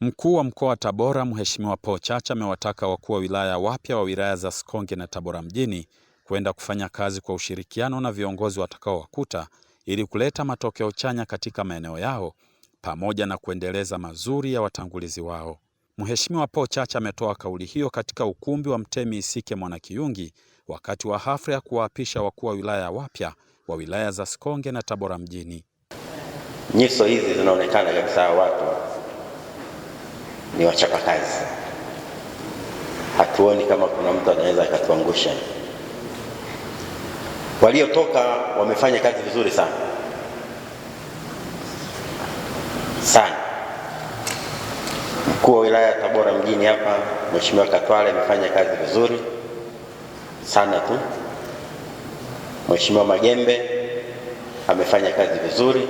Mkuu wa Mkoa wa Tabora Mheshimiwa Paul Chacha amewataka wakuu wa wilaya wapya wa wilaya za Sikonge na Tabora mjini kwenda kufanya kazi kwa ushirikiano na viongozi watakaowakuta ili kuleta matokeo chanya katika maeneo yao pamoja na kuendeleza mazuri ya watangulizi wao. Mheshimiwa Paul Chacha ametoa kauli hiyo katika ukumbi wa Mtemi Isike Mwanakiyungi wakati wa hafla ya kuwaapisha wakuu wa wilaya wapya wa wilaya za Sikonge na Tabora mjini. Nyuso hizi zinaonekana kabisa watu ni wachapakazi. Hatuoni kama kuna mtu anaweza akatuangusha. Waliotoka wamefanya kazi vizuri sana sana. Mkuu wa wilaya ya Tabora mjini hapa Mheshimiwa Katwale amefanya kazi vizuri sana tu. Mheshimiwa Magembe amefanya kazi vizuri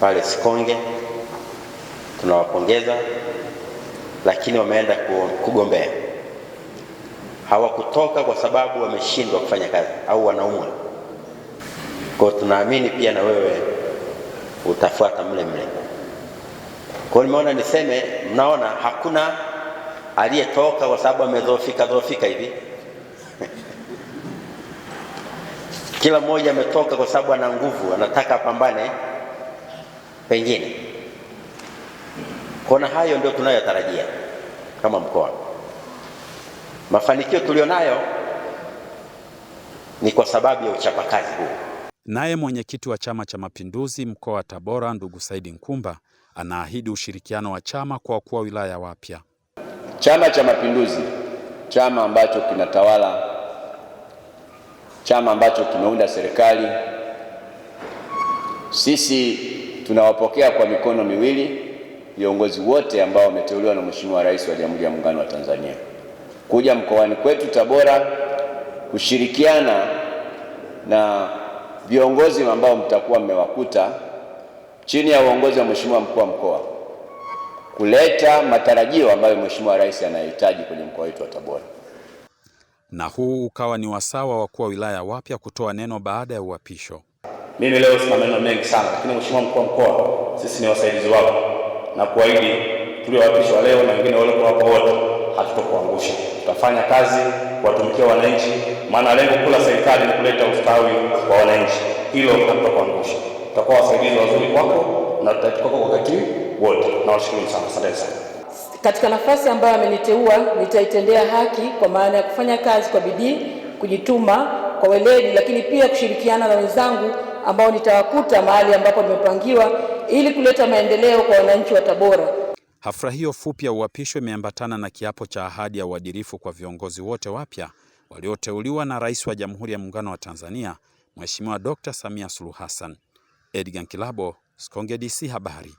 pale Sikonge tunawapongeza, lakini wameenda kugombea. Hawakutoka kwa sababu wameshindwa kufanya kazi au wanaumwa. Kwa tunaamini pia na wewe utafuata mle mle. Kwa nimeona niseme, mnaona hakuna aliyetoka kwa sababu amedhoofika dhoofika hivi kila mmoja ametoka kwa sababu ana nguvu, anataka apambane pengine Kona hayo ndio tunayotarajia kama mkoa. Mafanikio tulionayo ni kwa sababu ya uchapakazi huu. Naye mwenyekiti wa Chama cha Mapinduzi mkoa wa Tabora, ndugu Saidi Nkumba, anaahidi ushirikiano wa chama kwa wakuu wa wilaya wapya. Chama cha Mapinduzi, chama ambacho kinatawala, chama ambacho kimeunda serikali, sisi tunawapokea kwa mikono miwili viongozi wote ambao wameteuliwa na Mheshimiwa Rais wa Jamhuri ya Muungano wa Tanzania kuja mkoani kwetu Tabora kushirikiana na viongozi ambao mtakuwa mmewakuta chini ya uongozi wa Mheshimiwa mkuu wa mkoa kuleta matarajio ambayo Mheshimiwa Rais anayohitaji kwenye mkoa wetu wa Tabora. Na huu ukawa ni wasawa wakuu wa wilaya wapya kutoa neno baada ya uapisho. Mimi leo sina maneno mengi sana, lakini Mheshimiwa mkuu wa mkoa, sisi ni wasaidizi wako na kuahidi tuliowapishwa leo na wengine waliokuwa hapo wote, hatutokuangusha. Tutafanya kazi kuwatumikia wananchi, maana lengo kuu la serikali ni kuleta ustawi kwa wananchi. Hilo hatutokuangusha tutakuwa wasaidizi wazuri kwako na tutakuwa kwa wakati wote. Nawashukuru sana, asante sana. Katika nafasi ambayo ameniteua, nitaitendea haki kwa maana ya kufanya kazi kwa bidii, kujituma kwa weledi, lakini pia kushirikiana na wenzangu ambao nitawakuta mahali ambapo nimepangiwa ili kuleta maendeleo kwa wananchi wa Tabora. Hafla hiyo fupi ya uapisho imeambatana na kiapo cha ahadi ya uadilifu kwa viongozi wote wapya walioteuliwa na Rais wa Jamhuri ya Muungano wa Tanzania Mheshimiwa Dr. Samia Suluhu Hassan. Edgar Kilabo, Skonge DC habari.